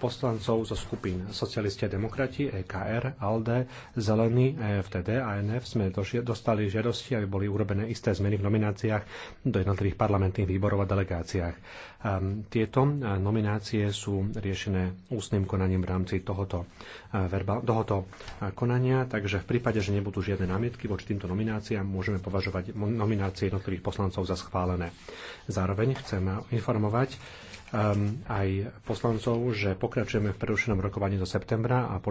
poslancov zo skupín Socialisti a demokrati, EKR, ALDE, Zelený, EFTD a NF e sme dostali žiadosti, aby boli urobené isté zmeny v nomináciách do jednotlivých parlamentných výborov a delegáciách. Ehm, tieto e, nominácie sú riešené ústnym konaním v rámci tohoto, e, verba, tohoto konania, takže v prípade, že nebudú žiadne námietky voči týmto nomináciám, môžeme považovať nominácie jednotlivých poslancov za schválené. Zároveň chcem informovať, Ehm, aj poslancov, že pokračujeme v prerušenom rokovaní do septembra a podľa